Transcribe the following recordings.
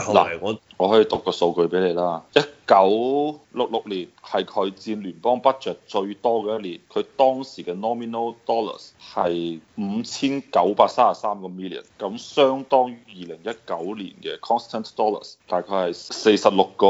嗱，我我可以讀個數據俾你啦。一九六六年係佢佔聯邦 budget 最多嘅一年，佢當時嘅 nominal dollars 係五千九百三十三個 million，咁相當於二零一九年嘅 constant dollars 大概係四十六個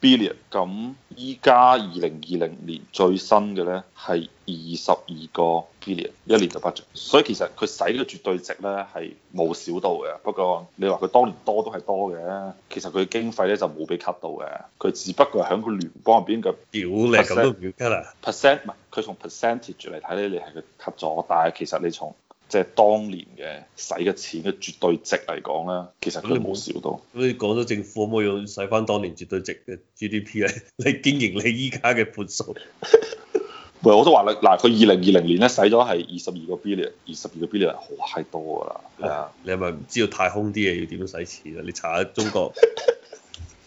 billion，咁。依家二零二零年最新嘅咧係二十二個 billion 一年就八億，所以其實佢使嘅絕對值咧係冇少到嘅。不過你話佢當年多都係多嘅，其實佢經費咧就冇俾 cut 到嘅，佢只不過係喺個聯邦入邊嘅，屌你咁都唔要 cut 啊？percent 唔係佢從 percentage 嚟睇咧，你係佢 cut 咗，但係其實你從即係當年嘅使嘅錢嘅絕對值嚟講咧，其實都冇少到。所以講咗政府可唔可以使翻當年絕對值嘅 G D P 咧？ 你經營你依家嘅半數。喂 我都話啦，嗱，佢二零二零年咧使咗係二十二個 billion 二十二個 billion，太多啦。係啊，你係咪唔知道太空啲嘢要點樣使錢咧？你查下中國，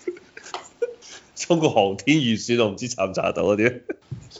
中國航天預算，我唔知查唔查到嗰啲。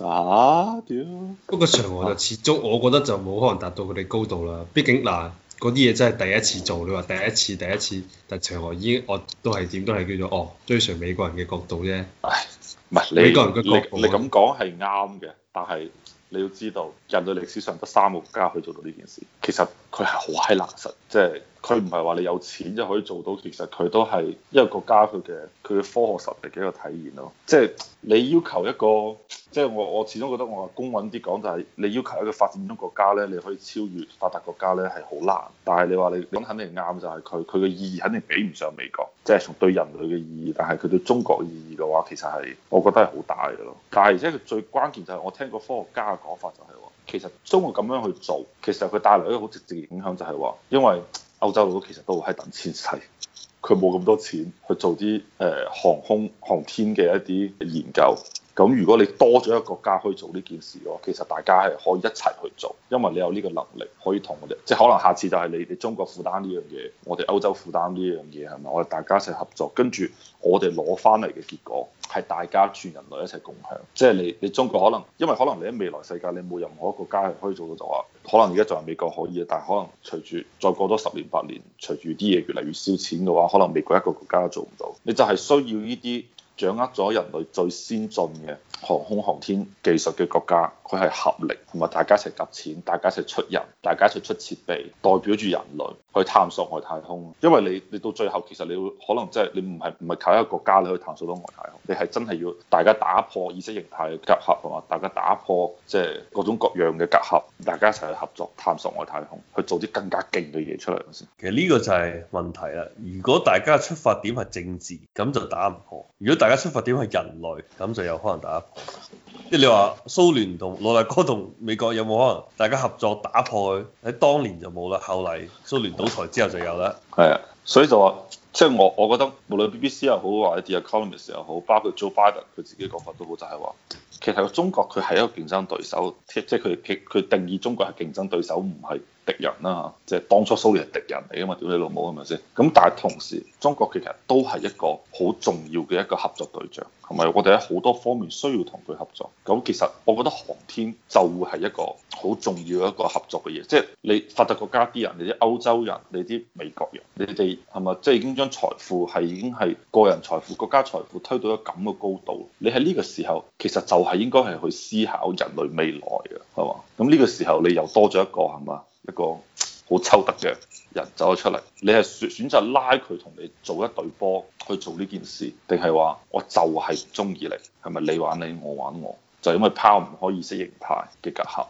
啊！屌！不過嫦娥就始終，我覺得就冇可能達到佢哋高度啦。畢竟嗱，嗰啲嘢真係第一次做，你話第一次、第一次，但嫦娥已經我都係點都係叫做哦，追隨美國人嘅角度啫。唉，唔係，美國人嘅角度，你你可能你咁講係啱嘅，但係你要知道人類歷史上得三個國家去做到呢件事，其實佢係好閪難實，即係。佢唔係話你有錢就可以做到，其實佢都係一個國家佢嘅佢嘅科學實力嘅一個體現咯。即係你要求一個，即係我我始終覺得我話公允啲講就係，你要求一個發展中國家咧，你可以超越發達國家咧係好難。但係你話你咁肯定啱，就係佢佢嘅意義肯定比唔上美國。即係從對人類嘅意義，但係佢對中國意義嘅話，其實係我覺得係好大嘅咯。但係而且佢最關鍵就係我聽過科學家嘅講法就係，其實中國咁樣去做，其實佢帶來一個好直接嘅影響就係話，因為歐洲佬其實都喺等錢使，佢冇咁多錢去做啲誒航空航天嘅一啲研究。咁如果你多咗一個國家可以做呢件事嘅話，其實大家係可以一齊去做，因為你有呢個能力可以同我哋，即係可能下次就係你你中國負擔呢樣嘢，我哋歐洲負擔呢樣嘢係咪？我哋大家一齊合作，跟住我哋攞翻嚟嘅結果係大家全人類一齊共享。即係你你中國可能，因為可能你喺未來世界你冇任何一個國家係可以做到，就話可能而家就係美國可以，但係可能隨住再過多十年八年，隨住啲嘢越嚟越燒錢嘅話，可能美國一個國家都做唔到，你就係需要呢啲。掌握咗人類最先進嘅航空航天技術嘅國家，佢係合力同埋大家一齊夾錢，大家一齊出人，大家一齊出設備，代表住人類，去探索外太空，因為你你到最後其實你會可能即係你唔係唔係靠一個國家你去探索到外太空，你係真係要大家打破意識形態嘅隔閡啊，嘛，大家打破即係各種各樣嘅隔閡，大家一齊去合作探索外太空，去做啲更加勁嘅嘢出嚟先。其實呢個就係問題啦。如果大家嘅出發點係政治，咁就打唔破；如果大家出發點係人類，咁就有可能打破。即係你話蘇聯同老大哥同美國有冇可能大家合作打破，喺當年就冇啦，後嚟蘇聯倒台之後就有啦。係啊，所以就話即係我我覺得無論 BBC 又好，或者 The Economist 又好，包括 Joe Biden 佢自己講法都好，就係話其實中國佢係一個競爭對手，即係佢佢佢定義中國係競爭對手，唔係，敵人啦、啊、即係當初蘇聯係敵人嚟啊嘛，屌你老母係咪先？咁但係同時，中國其實都係一個好重要嘅一個合作對象，係咪？我哋喺好多方面需要同佢合作。咁其實我覺得航天就會係一個好重要一個合作嘅嘢，即係你發達國家啲人，你啲歐洲人，你啲美國人，你哋係咪？即係已經將財富係已經係個人財富、國家財富推到咗咁嘅高度。你喺呢個時候，其實就係應該係去思考人類未來嘅，係嘛？咁呢個時候你又多咗一個係嘛？是一個好抽得嘅人走咗出嚟，你係選選擇拉佢同你做一對波去做呢件事，定係話，我就係中意你，係咪？你玩你我玩我，就係因為拋唔開意識形態嘅隔閡，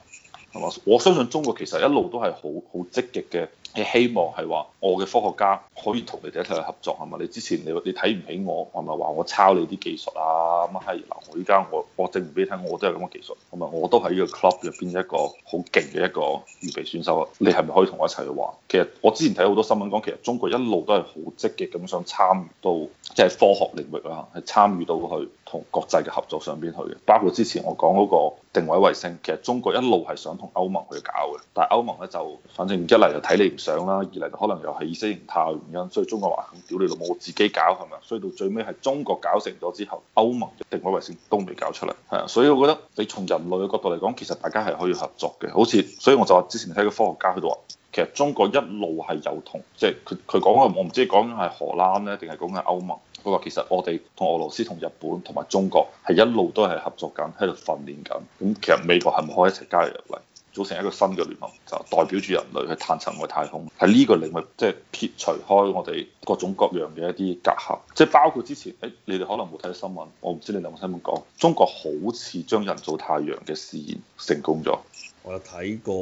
係嘛？我相信中國其實一路都係好好積極嘅。你希望係話我嘅科學家可以同你哋一齊去合作係嘛？你之前你，你睇唔起我，係咪話我抄你啲技術啊乜啊，係。嗱，我依家我，我證明俾你聽，我都係咁嘅技術，係咪？我都喺呢個 club 入邊一個好勁嘅一個預備選手啊。你係咪可以同我一齊去玩？其實我之前睇好多新聞講，其實中國一路都係好積極咁想參與到即係、就是、科學領域啦，係參與到去同國際嘅合作上邊去嘅。包括之前我講嗰個定位衛星，其實中國一路係想同歐盟去搞嘅，但係歐盟咧就反正一嚟就睇你。想啦，二嚟可能又係意識形態嘅原因，所以中國話：「屌你老母」，自己搞係咪？所以到最尾係中國搞成咗之後，歐盟嘅定位衛星都未搞出嚟，係啊。所以我覺得你從人類嘅角度嚟講，其實大家係可以合作嘅。好似所以我就話之前睇個科學家佢度話，其實中國一路係有同，即係佢佢講嘅，我唔知講緊係荷蘭咧，定係講緊係歐盟。佢話其實我哋同俄羅斯、同日本、同埋中國係一路都係合作緊，喺度訓練緊。咁其實美國係咪可以一齊加入入嚟？組成一個新嘅聯盟，就代表住人類去探尋外太空，喺呢個領域即係撇除開我哋各種各樣嘅一啲隔閡，即係包括之前，誒、哎、你哋可能冇睇新聞，我唔知你兩個有冇新聞講，中國好似將人造太陽嘅試驗成功咗。我有睇過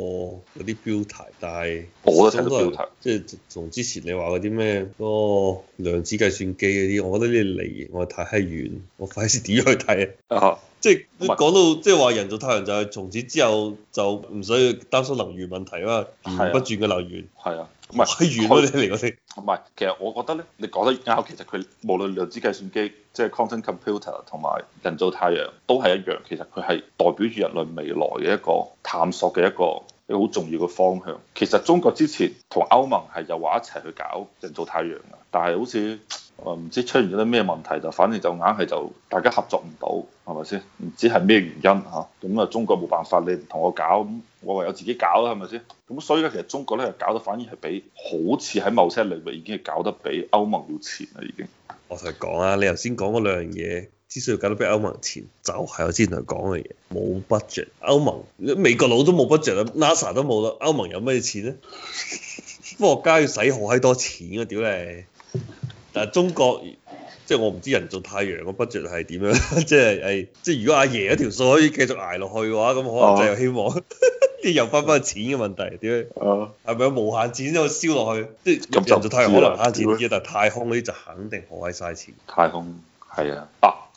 嗰啲標題，但係我都睇到標題，是標題即係從之前你話嗰啲咩嗰個量子計算機嗰啲，我覺得呢啲離我太閪遠，我費事點去睇啊！ 即係講到即係話人造太陽，就係從此之後就唔使擔心能源問題啦，源源、啊、不絕嘅能源。係啊，唔係遠啊你嚟講先。唔係是， 其實我覺得咧，你講得啱。其實佢無論量子計算機，即係 quantum computer，同埋人造太陽都係一樣。其實佢係代表住人類未來嘅一個探索嘅一個好重要嘅方向。其實中國之前同歐盟係又話一齊去搞人造太陽嘅，但係好似。唔知出現咗啲咩問題就，反正就硬係就大家合作唔到，係咪先？唔知係咩原因嚇？咁啊中國冇辦法，你唔同我搞，我唯有自己搞啦，係咪先？咁所以咧，其實中國咧，搞得反而係比好似喺某些領域已經係搞得比歐盟要前啦，已經。我同你講啊，你頭先講嗰兩樣嘢，之所以搞得比歐盟前，就係、是、我之前同你講嘅嘢，冇 budget。歐盟、美國佬都冇 budget 啦，NASA 都冇啦，歐盟有咩嘢錢咧？ 科學家要使好閪多錢啊，屌你！誒中國，即係我唔知人造太陽嘅 budget 係點樣 即、哎，即係誒，即係如果阿爺嗰條數可以繼續捱落去嘅話，咁可能就有希望啲又翻翻錢嘅問題，點咧？係咪、啊、有無限錢喺度燒落去？即係、啊、人造太陽可能慳錢啲但係太空嗰啲就肯定好閪嘥錢。太空係啊，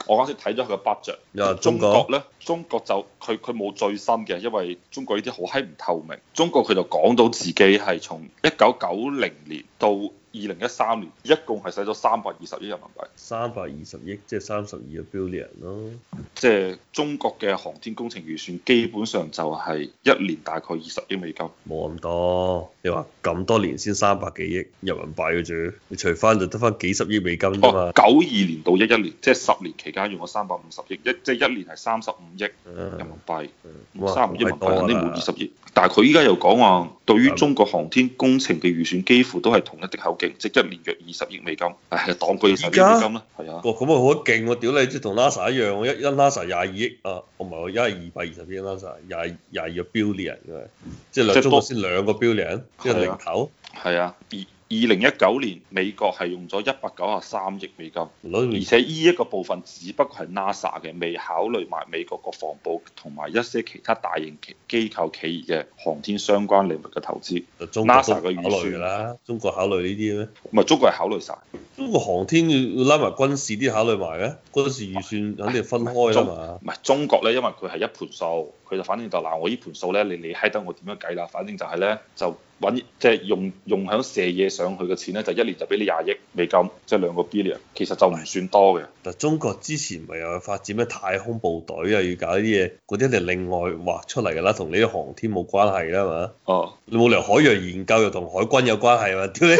我啱先睇咗佢嘅 budget。啊、中國咧，中國就佢佢冇最新嘅，因為中國呢啲好閪唔透明。中國佢就講到自己係從一九九零年到，二零一三年一共係使咗三百二十億人民幣，三百二十億即係三十二個 billion 咯。即係、啊、中國嘅航天工程預算基本上就係一年大概二十億美金。冇咁多，你話咁多年先三百幾億人民幣嘅啫，你除翻就得翻幾十億美金。九二、哦、年到一一年，即係十年期間用咗三百五十億，一即係一年係三十五億人民幣，三十五億人、嗯、民幣肯定冇二十億。但係佢依家又講話，對於中國航天工程嘅預算幾乎都係同一啲口。即即一年約二十億美金，係當佢要十億美金咧，係啊，哇，咁啊好勁喎！屌你即係同 NASA 一樣，一一 NASA 廿二億啊，同埋我而家係二百二十億 NASA，廿廿二個 billion 嘅即，即係兩中國先兩個 billion，即係零頭，係啊。二零一九年美國係用咗一百九十三億美金，而且呢一個部分只不過係 NASA 嘅，未考慮埋美國國防部同埋一些其他大型企機構企業嘅航天相關領域嘅投資。中 NASA 嘅預算啦，中國考慮呢啲咩？唔係，中國係考慮晒，中國航天要拉埋軍事啲考慮埋嘅，軍事預算肯定、哎、分開啦嘛。唔係、哎中，哎、中國咧，因為佢係一盤數，佢就反正就嗱，我呢盤數咧，你你閪得我點樣計啦？反正就係咧，就。就就就就就就搵即係用用響射嘢上去嘅錢咧，就一年就俾你廿億，未夠即係兩個 billion，其實就唔算多嘅。嗱，中國之前咪又發展咩太空部隊啊，又要搞啲嘢，嗰啲你另外劃出嚟噶啦，同你啲航天冇關係啦嘛。哦，你冇理由海洋研究又同海軍有關係嘛？屌你！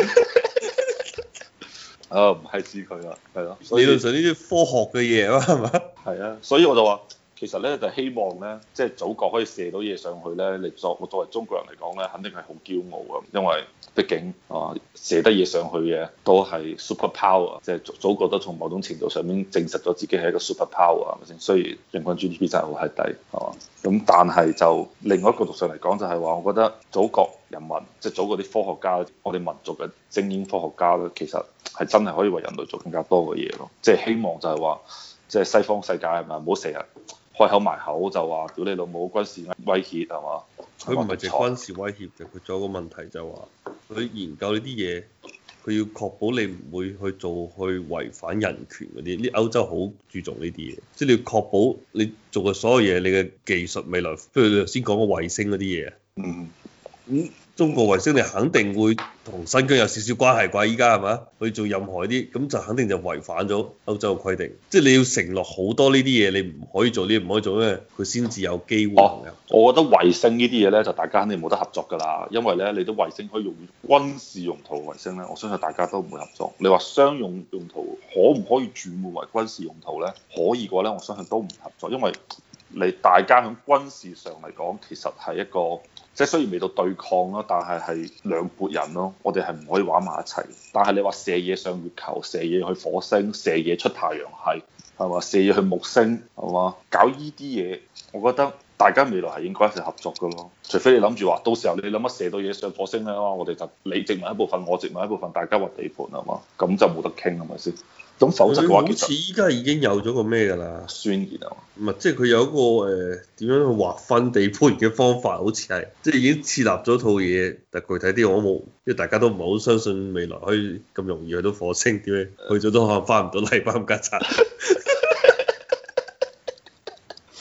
哦，唔係知佢啊，係咯。理論上呢啲科學嘅嘢啦，係嘛？係啊，所以我就話。其實咧就希望咧，即係祖國可以射到嘢上去咧。你作我作為中國人嚟講咧，肯定係好驕傲啊！因為畢竟啊，射得嘢上去嘅都係 super power，即係祖國都從某種程度上面證實咗自己係一個 super power，係咪先？所以人均 GDP 真係好係低啊，咁但係就另外一個角度上嚟講，就係話我覺得祖國人民，即係祖國啲科學家，我哋民族嘅精英科學家咧，其實係真係可以為人類做更加多嘅嘢咯。即係希望就係話，即係西方世界係咪唔好成日～開口埋口就話屌你老母軍事威脅係嘛？佢唔係淨軍事威脅嘅，佢仲有個問題就係話佢研究呢啲嘢，佢要確保你唔會去做去違反人權嗰啲，啲歐洲好注重呢啲嘢，即係你要確保你做嘅所有嘢，你嘅技術未來，譬如你頭先講個衛星嗰啲嘢，嗯，嗯。中國衛星你肯定會同新疆有少少關係啩？依家係咪？去做任何啲咁就肯定就違反咗歐洲嘅規定，即係你要承諾好多呢啲嘢，你唔可以做呢，唔可以做咧，佢先至有機會。我、哦、我覺得衛星呢啲嘢呢，就大家肯定冇得合作㗎啦，因為呢，你啲衛星可以用於軍事用途嘅衛星呢，我相信大家都唔會合作。你話商用用途可唔可以轉換為軍事用途呢？可以嘅話咧，我相信都唔合作，因為，你大家喺軍事上嚟講，其實係一個即係雖然未到對抗咯，但係係兩撥人咯，我哋係唔可以玩埋一齊。但係你話射嘢上月球、射嘢去火星、射嘢出太陽系，係嘛？射嘢去木星，係嘛？搞依啲嘢，我覺得大家未來係應該一齊合作嘅咯。除非你諗住話，到時候你諗乜射到嘢上火星啊？我哋就你殖民一部分，我殖民一部分，大家劃地盤係嘛？咁就冇得傾係咪先？咁否則話好似依家已經有咗個咩㗎啦？宣言啊！唔係，即係佢有一個誒點樣去劃分地盤嘅方法，好似係即係已經設立咗套嘢，但具體啲我冇，因為大家都唔係好相信未來可以咁容易去到火星點樣，去咗都可能翻唔到禮拜五家七。